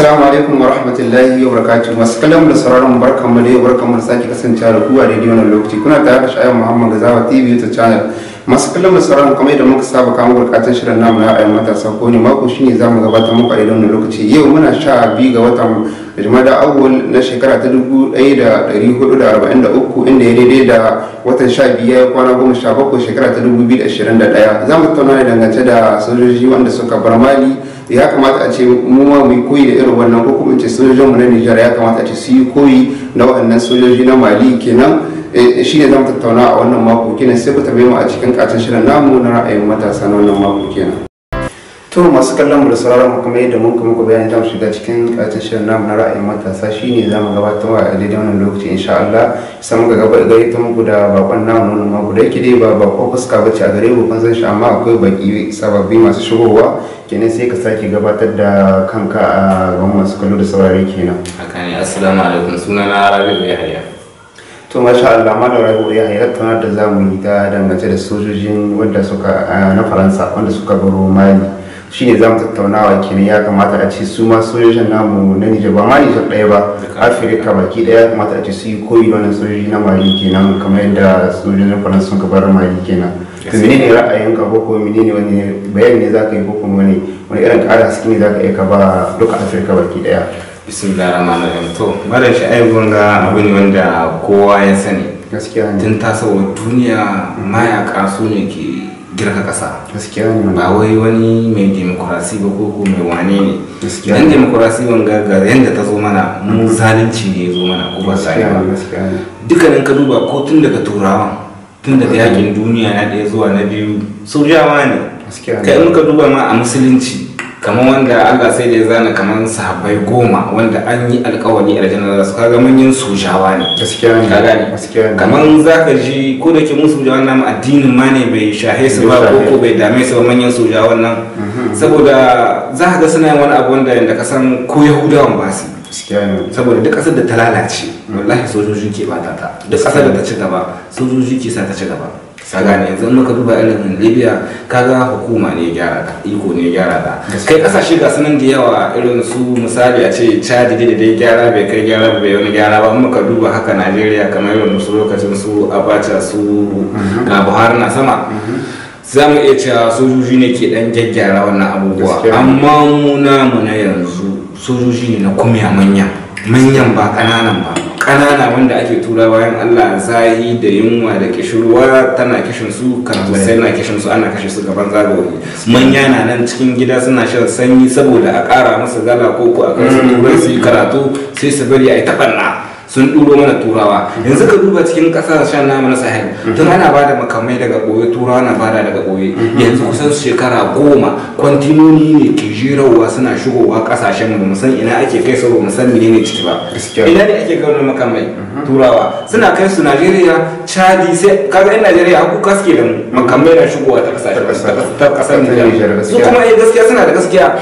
assalamu alaikum wa rahmatullahi wa barakatuh masu kallon da sauraron barkan mu da yau barkan mu da sake kasancewa da ku a daidai wannan lokaci kuna tare da sha'ayin muhammad gazawa tv ta channel masu kallon da sauraron kamar yadda muka saba kamo bukatun shirin namu na ayyukan matasa ko ne mako shine zamu gabatar muku a daidai wannan lokaci yau muna sha biyu ga watan da awul na shekara ta 1443 inda ya daidai da watan 15 ya kwana 17 shekara ta 2021 za mu tattauna ne dangance da sojoji wanda suka bar mali ya kamata a ce mu ma mu koyi da irin wannan ko kuma ce sojojin mu na nigeria ya kamata a ce su yi koyi na waɗannan sojoji na Mali kenan eh, eh, shi ne mu tattauna a wannan mako kenan sai ku tambaye mu a cikin katin shirin namu na ra'ayin matasa na wannan mako kenan to masu kallon mu da sauraron mu kuma yadda mun kuma ku bayan jam shiga cikin katin shirin namu na ra'ayin matasa shine zamu gabatar a daidai wannan lokaci insha Allah sai muka gaba da ita muku da bakon namu nan ma guda yake dai ba bako fuska bace a gare mu kun san shi amma akwai baki sababbi masu shigowa kenan sai ka sake gabatar da kanka a ga masu kallo da saurare kenan haka ne assalamu alaikum sunana bai haya. to masha Allah ma malam Rabi'u Yahaya tana da zamu yi ta dangance da sojojin wanda suka na Faransa wanda suka baro Mali Shi ne za mu tattaunawa kenan ya kamata a ce su ma sojojin namu na Nijar ba ma Nijar ɗaya ba Afirka baki ɗaya ya kamata a ce su yi koyi wannan sojoji na Mali kenan kamar yadda sojojin Faransa sun bar Mali kenan to menene ra'ayin ka ko ne wani bayani ne za ka yi ko kuma wani wani irin ƙara haske ne ka yi ka ba duka Afirka baki ɗaya bismillahir rahman rahim to shi sha'ayi gunga abu ne wanda kowa ya sani gaskiya tun tasawar duniya mayaka su ne ke girka kasa gaskiya ne ba wai wani mai demokrasi ba ko ko mai wane ne dan demokrasi ban ga yanda ta zo mana mu zalunci ne zo mana ko ba sai ba duka nan ka duba ko tun daga turawa tun daga yakin duniya na ɗaya zuwa na biyu sojawa ne kai in ka duba ma a musulunci kamar wanda Allah sai da ya zana kamar sahabbai goma wanda an yi alkawari aljanna za su kaga manyan sojawa ne gaskiya ne kaga za ka ji ko da ke musu sojawan nan addinin ma ne bai shahe su ba ko ko bai dame su ba manyan sujawa nan mhm. saboda za ka ga suna yin wani abu wanda da ka san ko yahudawan ba su saboda duk kasar da ta lalace mhm. wallahi sojoji ke ba ta da kasar da ta ci gaba sojoji ke sa ta ci gaba saga ne yanzu muka duba ilimin libya kaga hukuma ne gyara ta iko ne gyara ta kai kasashe ga sunan da yawa irin su misali a ce chad da dai gyara bai kai gyara bai wani gyara ba muka duba haka najeriya kamar irin su lokacin su abacha su mhm. ga buhari na sama mhm. za mu iya cewa sojoji ne ke dan gyaggyara wannan abubuwa amma mu na yanzu sojoji ne na kumya manya manyan ba kananan ba kanana wanda ake tura bayan allah zahi da yunwa da kishirwa tana kishin su sai na kishin su ana kashe su gaban zagaye manya na nan cikin gida suna shan sanyi saboda a kara musu gala ko ko a kan su turai mm. su yi karatu sai su bari a yi taɓanna sun ɗuro mana turawa yanzu ka duba cikin ƙasashen namu na sahel mhm. tun ana ba da makamai daga ɓoye turawa na bada daga ɓoye mhm. yanzu kusan shekara goma kwantinoni ne ke jirarwa suna shigowa ƙasashen mu san ina ake kai sauro mu san ne ciki ba ina ne ake gauna makamai mhm. turawa suna kai su najeriya chadi sai kaga yan najeriya haku kaske da makamai na shigowa ta kasar nijar su kuma eh gaskiya suna da gaskiya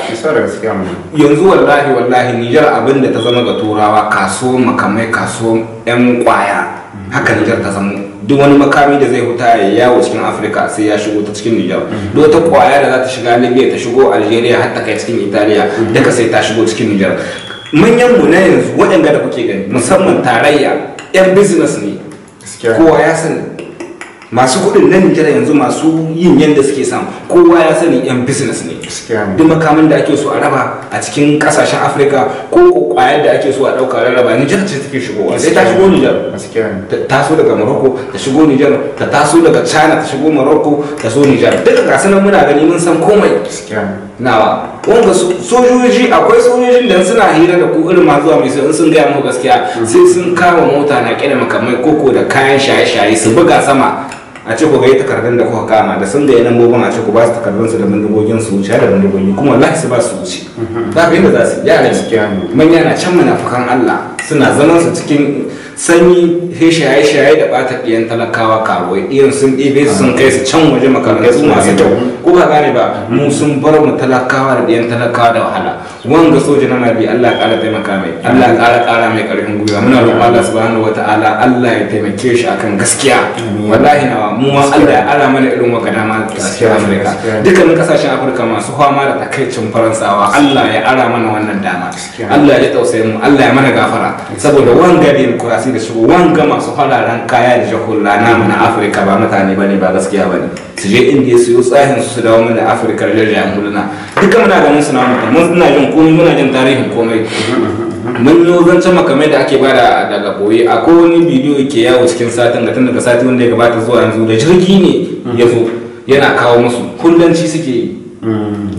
yanzu wallahi wallahi nijar abinda ta zama ga turawa kaso makamai kaso yan kwaya haka nijar ta zama duk wani makami da zai huta ya yawo cikin afirka sai ya shigo ta cikin nijar mhm. duk wata kwaya da za ta shiga libya ta shigo algeria har ta kai cikin italiya mhm. daga sai ta shigo cikin nijar manyan mu na yanzu waɗanda da kuke gani musamman tarayya yan business ne kowa ya sani masu kuɗin nan jira yanzu masu yin yanda suke samu kowa ya sani yan business ne duk makamin da ake so a raba a cikin kasashen afirka ko kwayar da ake so a ɗauka a raba nijar ce take shigowa sai ta shigo nijar ta taso daga morocco ta shigo nijar ta taso daga china ta shigo morocco ta so nijar duka gasu muna gani mun san komai nawa wanda sojoji akwai sojojin da suna hira da ku irin zuwa mai sai sun gaya mu gaskiya sai sun kama mota na kira makamai koko da kayan shaye-shaye su buga sama a ce ku takardun da kuka kama da sun ga yanan a ce ku ba su takardun su da bindigogin su wuce da bindigogin kuma wallahi su ba su wuce za ka yadda za su yara cikin manya na can munafukan Allah suna zaman su cikin sanyi sai shaye-shaye da bata ɗiyan talakawa karuwai ɗiyan sun ɗebe sun kai su can waje makarantu masu kyau ko ka gane ba mu sun bar mu talakawa da ɗiyan talakawa da wahala wanga soja na nabi Allah ƙara taimaka mai Allah ƙara ƙara mai ƙarfin gwiwa muna roƙon Allah subhanahu ta'ala Allah ya taimake shi akan gaskiya wallahi nawa mu ma Allah ya ara mana irin waka dama gaskiya Amurka dukkanin kasashen Afirka masu fama da takaicin Faransawa Allah ya ara mana wannan dama Allah ya tausaye mu Allah ya mana gafara saboda wanga kurasi da su wanga masu fararen kaya da shakulla na na afirka ba mutane ba ne ba gaskiya ba ne su je indiya su yi tsahin su dawo mana afirka da jirgin huluna duka muna ganin suna mutu mun suna jin komai muna jin tarihin komai mun yi zancen makamai da ake bada daga boye a kowane bidiyo ke yawo cikin satin da tun daga satin wanda ya gabata zuwa yanzu da jirgi ne ya zo yana kawo musu kullanci suke yi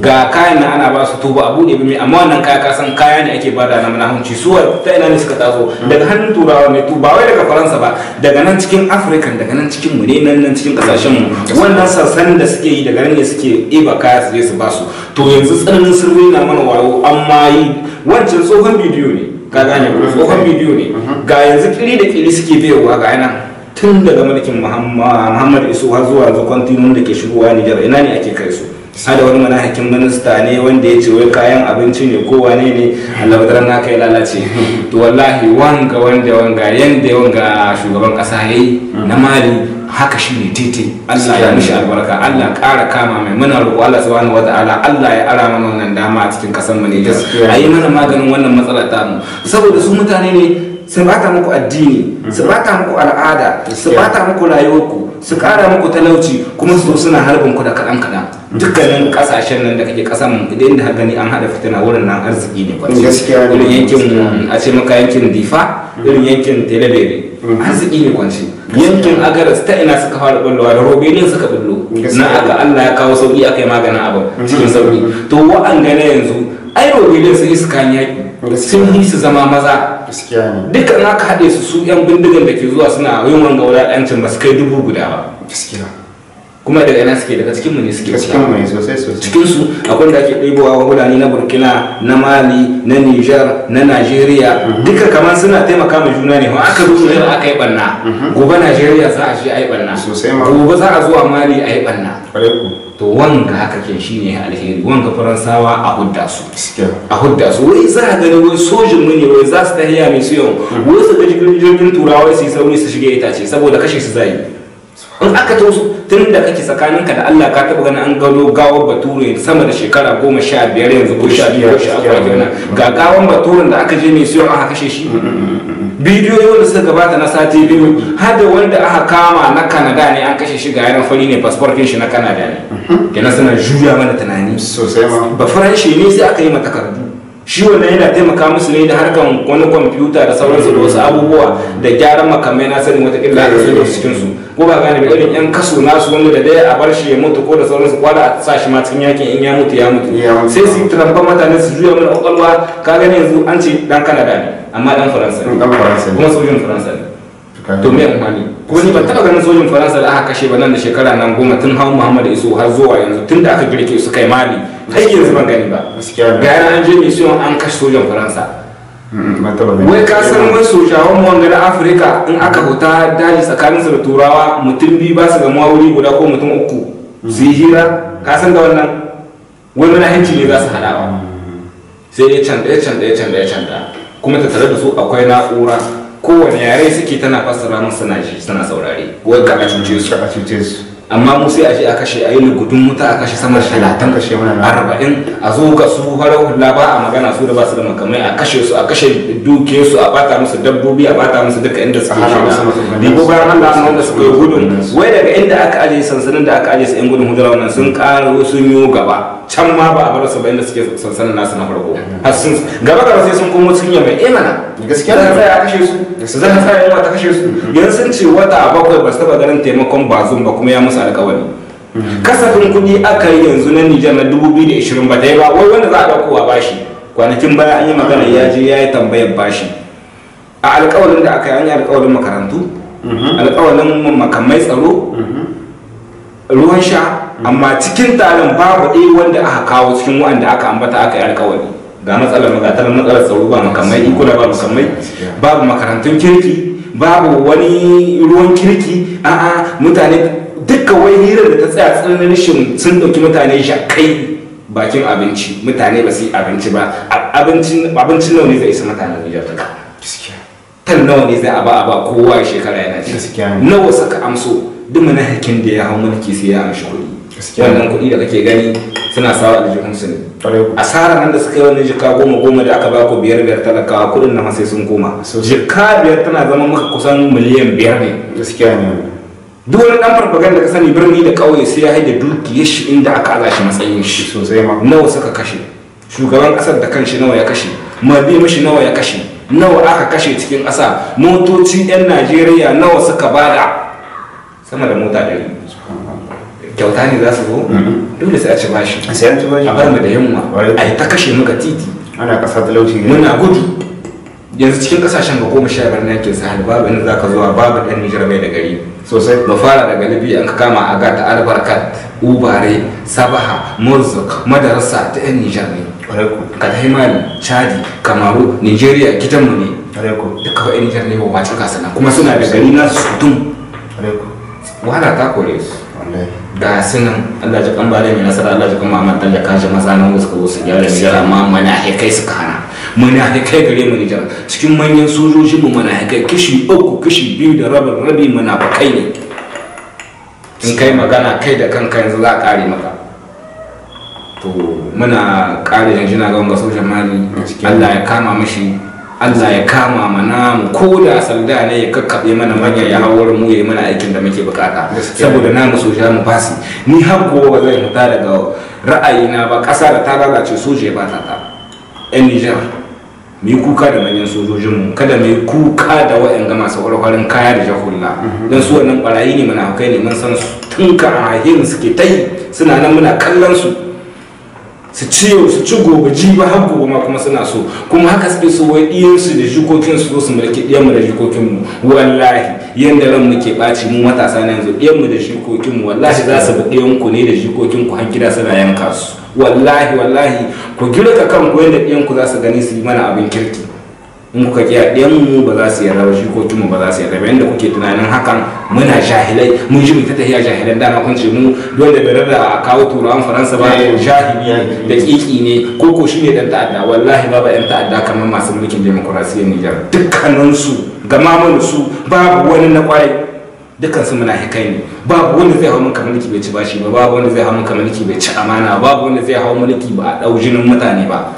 ga kayan na ana ba su tuba abu ne bimi amma wannan kaya ka san kaya ne ake bada na manahunci su ta ina ne suka taso daga hannun turawa ne tuba wai daga faransa ba daga nan cikin afirka daga nan cikin mu ne nan nan cikin kasashen mu wannan sarsanin da suke yi daga nan ne suke iba kaya su je su ba su to yanzu tsananin sirri na mana wayo amma yi wancan tsohon bidiyo ne ka gane tsohon bidiyo ne uh-huh. ga yanzu kiri da kiri suke biyowa ga nan tun daga mulkin muhammad isu har zuwa yanzu kwantinon da ke shigowa nijar ina ne ake kai su sada wani manahakin minista ne wanda ya ce wai kayan abinci ne ko wane ne a na kai lalace to wallahi wanga wanda wanga yanda wanga shugaban kasa yayi na mali haka shi ne titi Allah ya mishi albarka Allah ƙara kama mai muna roƙo Allah subhanahu wa ta'ala Allah ya ara mana wannan dama a cikin kasar mu ne a yi mana maganin wannan matsalar tamu saboda su mutane ne su bata muku addini su bata muku al'ada su bata muku rayuwarku su kara muku talauci kuma su suna harbin ku da kaɗan kaɗan dukkanin ƙasashen nan da kake kasan idan da gani an haɗa fitina wurin nan arziki ne kwanci yankin a ce maka yankin difa irin yankin telebere mm. arziki ne kwanci yankin agaras ta ina suka fara bullowa da robinin suka bullo na aka allah ya kawo sauki aka yi maganin abin cikin mm-hmm. sauki to wa'an gane yanzu ai robinin su iska yaƙi sun yi su zama maza duka na ka haɗe su su yan bindigan da ke zuwa suna yin wanga wadatancin ba su kai dubu guda ba kuma daga ina suke daga cikin mu ne suke cikin mu ne sosai sosai cikin su akwai da ake ɗaibowa wa hulani na burkina na mali na niger na nigeria mhm. duka kamar suna taimaka ma juna ne kuma aka zo yau aka yi banna mhm. gobe nigeria za a je a yi banna sosai ma gobe za a zo a mali a yi banna to wanga haka ke ne alheri wanga faransawa a hudda su a hudda su wai za a gani wai sojin mu ne wai za su tahiya mai su yau mhm. wai su ga jirgin turawa su yi sauri su shige itace saboda kashe su zai in aka tausu tun da kake ka da Allah ka taba ganin an gado gawar bature sama da shekara goma sha biyar yanzu ko sha biyar da sha ga gawan baturen da aka je mai siyo aka kashe shi bidiyoyi da suka gabata na sati biyu har da wanda aka kama na kanada ne an kashe shi ga yaran fari ne fasfarkin shi na kanada ne kenan suna juya mana tunani sosai ba faranshi ne sai aka yi mata shi wannan yana taimaka musu ne da harkan wani kwamfuta da sauransu da wasu abubuwa da gyaran makamai na sani wata kila da su da cikin su ko ba gane ba irin yan kaso nasu wanda da daya a bar shi ya mutu ko da sauransu kwada a sa shi ma cikin yakin in ya mutu ya mutu sai su trampa mutane su juya mana kwakwalwa ka gane yanzu an ce dan kanada ne amma dan Faransa ne kuma sojin Faransa ne to me amfani ko ni ban taba ganin sojin Faransa da aka kashe ba nan da shekara nan goma tun hawan Muhammad Isu har zuwa yanzu tun da aka girke su kai Mali kai yanzu ban gani ba ga yana an je mission an kashe sojan faransa mm, wai ka san wai sojawan mu wanga na afirka in aka huta daji tsakanin su da turawa mutum biyu ba su gamuwa wuri guda ko mutum uku mm. su yi hira ka san da wannan wai mana hanci ne za su hada ba mm. sai ya canta ya canta ya canta ya canta kuma tare da su akwai na'ura kowane yare suke tana fassara mun suna ji suna saurare wai ka cuce su amma mu sai a je a kashe a yi lugudun wuta a kashe sama da talatin kashe arba'in a zo ka su farar hula ba a magana su da ba su da makamai a kashe su a kashe duke su a bata musu dabbobi a bata musu duka inda suke shiga dibo bayan Allah sun wanda suka kai gudun wai daga inda aka aje sansanin da aka aje su yan gudun hudura wannan sun karo sun yi gaba can ma ba a bar su ba inda suke sansanin nasu na farko har sun gaba gaba sai sun komo cikin yamma eh mana gaskiya zan tsaya a kashe su zan tsaya yunwa ta kashe su yanzu sun ce wata bakwai ba su taba garin taimakon bazum ba kuma ya musu alkawari mhm. kasafin kuɗi aka yi yanzu na Nijar na 2020 ba dai ba wai wanda za a dauko a bashi kwanakin baya an yi magana ya je ya yi tambayar bashi a alƙawarin da aka yi an yi alƙawarin makarantu mhm. alkawarin makamai tsaro mhm. ruwan sha amma cikin taron babu ɗaya wanda aka kawo cikin wanda aka ambata aka yi alkawari ga matsalar magatar matsalar tsaro ba makamai ikula ba makamai babu makarantun kirki babu wani ruwan kirki a'a mutane duka wai hirar da ta tsaya tsananin rashin sun ɗauki mutane shakai bakin abinci mutane ba su yi abinci ba abincin nawa ne zai isa mutane mutanen Nijar ta tan nawa ne zai aba aba kowa shekara yana ci nawa saka amso duk mana hakin da ya hau mulki sai ya amshi kuɗi wannan kuɗi da kake gani suna sawa aljihunsu ne asara nan da suka yi wani jika goma goma da aka ba ku biyar biyar talakawa kuɗin nan sai sun koma jika biyar tana zama maka kusan miliyan biyar ne gaskiya ne duk wani dan farfagan da ka sani birni da ƙauye sai ya haida dukiyar shi inda aka ala shi matsayin shi sosai ma nawa suka kashe shugaban ƙasar da kanshi nawa ya kashe mabi mashi nawa ya kashe nawa aka kashe cikin ƙasa motoci 'yan najeriya nawa suka bada sama da mota ɗari kyauta ne za su zo mhm. dole sai a ci bashi sai an ci bashi a bar mu da yamma a yi ta kashe mu ga titi ana kasa talauci ne muna gudu yanzu cikin kasashen ga goma sha biyar na yankin sahel babu inda za ka zuwa babu ɗan nijar mai da gari sosai mu fara daga libya an ka kama ta albarkat ubare sabaha murzuk madarasa ta yan nijar ne ka ta himali chadi kamaru nigeria gidanmu ne duka wa'yan nijar ne ba wacin kasa kuma suna da gari na su tun wahala ta kore su da sunan Allah ji kan da mai nasara Allah ji kan mamman dan da kaji maza nan suka zo su gyara Nijar amma mana kai su kana mana kai gare mu Nijar cikin manyan sojoji mu mana kai kishi uku kishi biyu da rabin rabi mana kai ne in kai magana kai da kanka yanzu za a kare maka to muna kare yanzu na ga wanga sojan mali Allah ya kama mishi Allah ya kama mana mu ko da sanda ne ya kakkabe mana manyan ya hawar mu yayi mana aikin da muke bukata saboda namu soja mu fasi ni har ba zai fita daga ra'ayina ba ƙasa da ta lalace soja ba ta ta yan Nijar mu kuka da manyan sojojin mu kada mu kuka da ga masu warwarin kaya da jahulla mhm. dan su wannan barayi ne muna kai ne mun san su tun ahin suke tai suna nan muna kallon su su ci yau su ci gobe ji ba har gobe ma kuma suna so kuma haka suke so wai ɗiyansu da jikokin su su mulki mu da jikokin mu wallahi yanda ran muke ɓaci mu matasa na yanzu mu da jikokin mu wallahi za su bi ne da jikokin ku har gida suna yanka su wallahi wallahi ku girka kanku yanda ɗiyanku za su gani su yi mana abin kirki in kuka ki ɗayan mu ba za su yarda ba shi ko mu ba za su yarda ba inda kuke tunanin hakan muna jahilai mun ji mu ta tafiya jahilan da na ce mu dole da rada a kawo turawan faransa ba ko eh. jahili da kiki ne ko ko shi ne dan ta'adda wallahi ba yan ta'adda kamar masu mulkin demokrasiyyar Nijar dukkanin su gama mun su babu wani na ƙwaye dukkan su muna hikai ne babu wanda zai hau maka mulki bai ci bashi ba babu wanda zai hau maka mulki bai ci amana babu wanda zai hau mulki ba a ɗau jinin mutane ba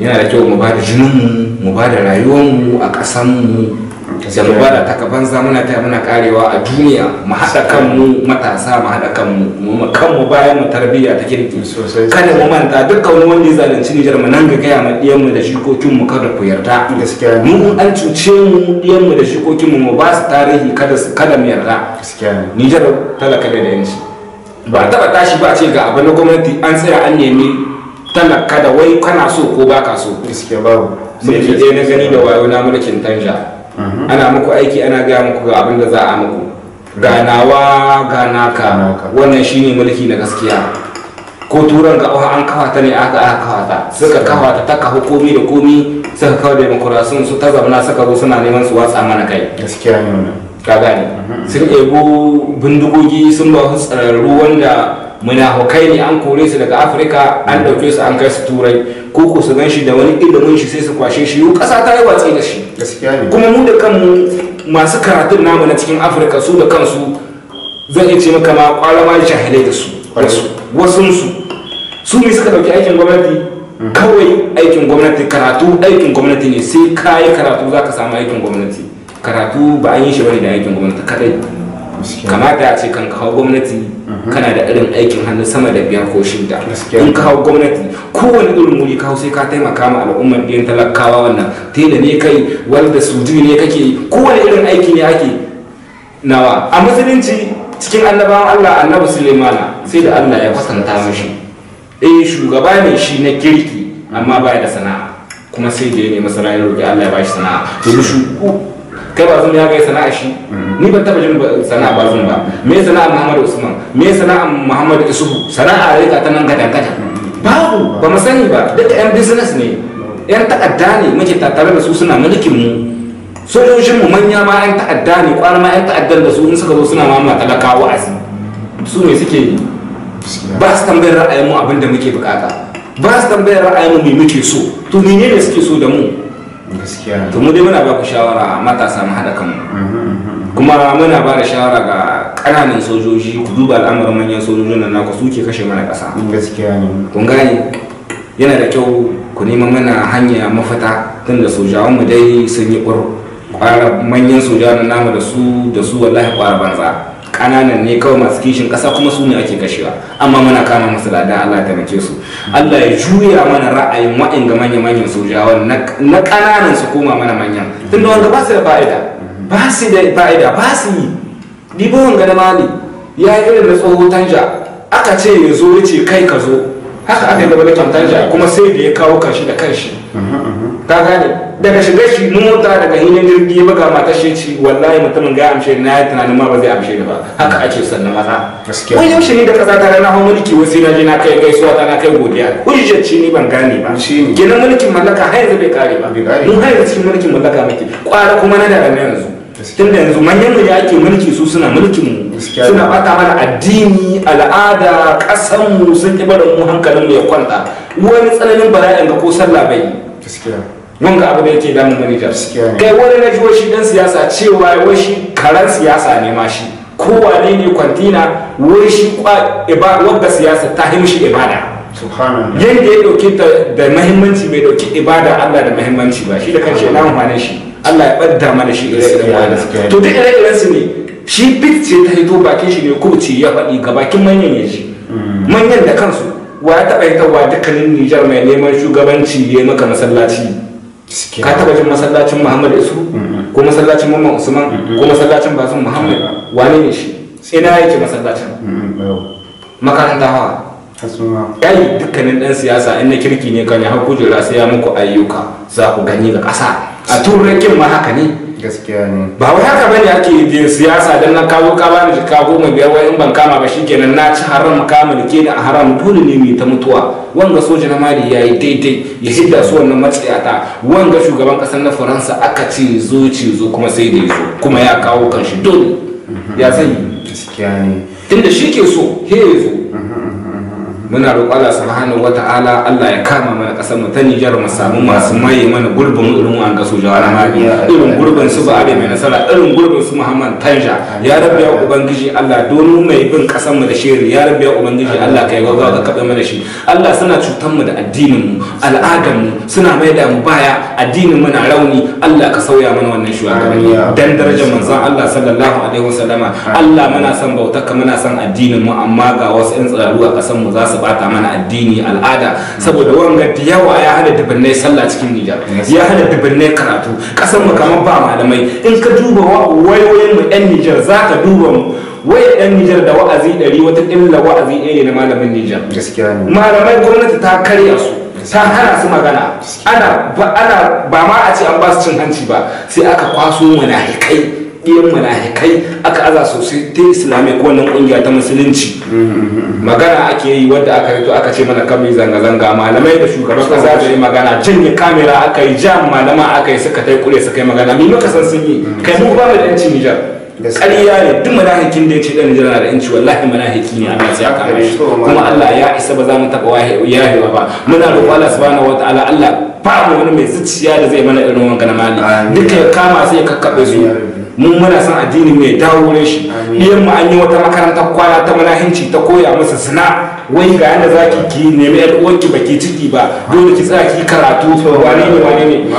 yana da kyau mu ba da jininmu mu ba da rayuwarmu a ƙasanmu da mu ba da takabanza zamana ta muna karewa a duniya mu haɗa kanmu matasa mu haɗa kanmu mu kanmu bayan mu tarbiyya ta kirki kada mu manta dukkan wani wanda ya zalunci Nijar mu nan ga gaya ma diyan mu da shikokin mu kada ku yarda mu an cuce mu diyan mu da shikokin mu mu ba su tarihi kada su kada mu yarda Nijar talaka da yanci ba taba tashi ba ce ga abu na gwamnati an tsaya an nemi tana kada wai kana so ko ba ka so mulki ɗaya na gani da wayo na mulkin tanja ana muku aiki ana gaya muku ga abin da za a muku ganawa ka wannan shine mulki na gaskiya ko turan ga an ta ne aka aka ta. suka kawa ta kafa komi da komi suka kawo demokurasin su ta zamana suka zo suna neman su watsa mana kai gaskiya ne wannan ka gane sun ebo bindigogi sun ba su tsararru wanda hokai ne an kore su daga afirka an dauke su an kai su turai ko ku su gan shi da wani ilimin shi sai su kwashe shi yau kasa ta yi watsi da shi kuma mu da kanmu masu karatun namu na cikin afirka su da kansu zan iya ce maka ma kwalama jahilai da su wasu su su ne suka dauki aikin gwamnati mm. kawai aikin gwamnati karatu aikin gwamnati ne sai kayi karatu za ka samu aikin gwamnati karatu ba an yi shi bane da aikin gwamnati kadai kamata a ce kan kawo gwamnati mhm. kana da irin aikin hannu sama da biyar ko shida in kawo gwamnati kowane irin wuri kawo sai ka taimaka ma al'ummar biyan talakawa wannan tela ne kai walda suju ne kake kowane irin aiki ne ake nawa a musulunci cikin annabawan allah annabi sulemana sai da allah ya kwatanta mashi eh shugaba ne shi na kirki amma baya da sana'a kuma sai da ya nemi ya roƙi allah ya bashi sana'a to kai bazum ya ga sana'a shi ni ban taba jin sana'a bazum ba me sana'a muhammadu usman me sana'a muhammadu isuhu sana'a rika ta nan gadan gadan babu ba mu sani ba duka yan business ne yan takadda ne muke tattare da su suna mulkin mu sojojin mu manya ma yan takadda ne kwana ma yan takadda da su in suka zo suna mamma talakawa azi su ne suke yi ba su tambayar ra'ayin mu abin da muke bukata ba su tambayar ra'ayin mu me muke so to menene suke so da mu to mu dai muna ba ku shawara matasa mu haɗa kanmu mhm, mhm. kuma muna ba da shawara ga ƙananan sojoji ku duba al'amarin manyan sojojin nan naku suke kashe mana ƙasa gaskiya ne kun gane yana da kyau ku nema mana hanya mafita da sojawan mu dai sun yi ƙwar manyan sojawan namu da su da su wallahi ƙwara banza kananan ne kawai masu kishin kasa kuma su ne ake kashewa amma muna kama masu lada Allah ta mace su Allah ya juya mana ra'ayin ga manya manyan sojawa na kananan su koma mana manyan tun da wanda ba su da fa'ida ba su da fa'ida ba su yi ɗibo wanga da mali ya yi irin da tsohon tanja aka ce ya zo ya ce kai ka zo haka aka yi da wani kuma sai da ya kawo kashi da kanshi ka gane daga shiga shi mota daga hinyar jirgi ya buga mata shi ci wallahi mutumin ga amshe na ya tunanin ma ba zai amshe da ba haka ake sannan maza wani yaushe ne da kasa ta na hau mulki wasu na je na kai gaisuwa ta na kai godiya hujjacci ni ban gane ba ginin mulkin mallaka har yanzu bai kare ba mun har yanzu cikin mulkin mallaka muke kwara kuma na da yanzu tun da yanzu manyan da ake mulki su suna mulkin mu suna bata mana addini al'ada kasan mu sun ki barin mu hankalin mu ya kwanta wani tsananin bala'in ga ko sallah bai mun ga abu da yake damun manajar kai wani na ji shi dan siyasa cewa wai shi karan siyasa ne ma shi ko wane ne kwantina wai shi wadda siyasa ta shi ibada yadda ya dauke da mahimmanci bai dauki ibada allah da mahimmanci ba shi da kan shi na amfanin shi Allah ya ɓadda mana shi ire-iren wannan to duk ire-iren su ne shi bit ce ta hito bakin shi ne ce ya faɗi ga bakin manyan ya ji hmm. manyan da kansu wa ya taɓa hitarwa dukkanin Nijar mai neman shugabanci ya maka masallaci ka taɓa jin masallacin Muhammad Isu ko masallacin Mamman Usman ko masallacin Basun Muhammad wane ne shi ina yake masallacin makaranta hawa yayi dukkanin ɗan siyasa in na kirki ne kan ya har kujera sai ya muku ayyuka za ku gani ga ƙasa a turakin ma haka ne gaskiya ne ba wai haka bane ake yin siyasa dan na kawo ka bani jika goma biyar wai in ban kama ba shikenan na ci haram kama da ke da haram dole ne mai ta mutuwa wanga soja na mali yayi daidai ya hidda su wannan matsayata wanga shugaban kasar na faransa aka ce zo ce zo kuma sai da zo kuma ya kawo kanshi dole ya sani gaskiya ne tunda shi ke so he zo mhm. muna roƙo Allah subhanahu wata'ala Allah ya kama mana ƙasar mu ta Nijar mu samu masu maye mana gurbin irin wa'an ga sojawa na irin gurbin su Ba'are mai nasara irin gurbin su Muhammad Tanja ya rabbi ya ubangiji Allah domin mai bin ƙasar mu da shiri ya rabbi ya ubangiji Allah kai gaba ka kaɓe mana shi Allah suna cutar mu da addinin mu al'adar mu suna mai da mu baya addinin mu na rauni Allah ka sauya mana wannan shugabanni dan darajar manzon Allah sallallahu alaihi wasallama Allah muna son bautar ka muna son addinin mu amma ga wasu 'yan tsaro a ƙasar mu za su bata mana addini al'ada saboda wanga da yawa ya hada dubbannai sallah cikin nijar ya hada dubbannai karatu kasan mu kamar ba malamai in ka duba wayoyin mu yan nijar za ka duba mu wai Nijar da wa'azi ɗari wata illa wa'azi ɗaya na malamin Nijar. Malamai gwamnati ta karya su. ta hana su magana ana ba ma a ce an ba su cin hanci ba sai aka kwaso munafikai ɗiyan malahikai aka aza sosai ta islamic wannan ƙungiya ta musulunci magana ake yi wadda aka rito aka ce mana kan zanga-zanga malamai da shugaban kasa da yi magana janye kamera aka yi jam malama aka yi suka tai kure suka yi magana mai maka san sun yi kai mu ba mu da yanci nijar ƙarya ne duk malahikin da ya ce ɗan nijar da yanci wallahi malahiki ne amma sai aka kuma Allah ya isa ba za mu taɓa yahewa ba muna roƙo Allah subhanahu ta'ala Allah ba mu wani mai zuciya da zai mana irin wanka na mali duka ya kama sai ya kakkaɓe su mun muna son addini mai dawo wurin shi iyan mu an yi wata makarantar kwana ta manahinci ta koya masa zina wai ga yanda zaki ki nemi yar ba baki ciki ba dole ki tsaya ki karatu wane ne wane ne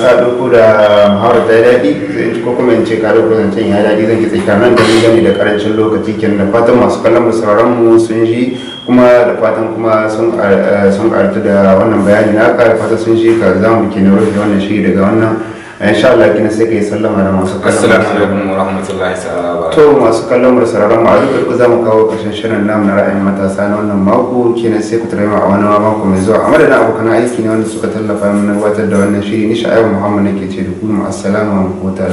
ka doko da muhawar ta daɗi ko kuma in ce ka dauko zancen ya daɗi zan ki tsika nan da ni gani da karancin lokaci kenan da fatan masu kallon mu mu sun ji kuma da fatan kuma sun karatu eh, da wannan bayani na ka fatan sun ji ka za mu ke na wani wannan shiri daga wannan insha Allah kina sai kai sallama da masu kallon assalamu alaikum wa rahmatullahi ta'ala to masu kallon mu sararan mu a duk za mu kawo karshen shirin namu na ra'ayin matasa na wannan mako na sai ku tare mu a wani mako mai zuwa a madadin abokan aiki ne wanda suka tallafa mana gabatar da wannan shiri ni sha'ayin Muhammad nake ce da ku mu assalamu alaikum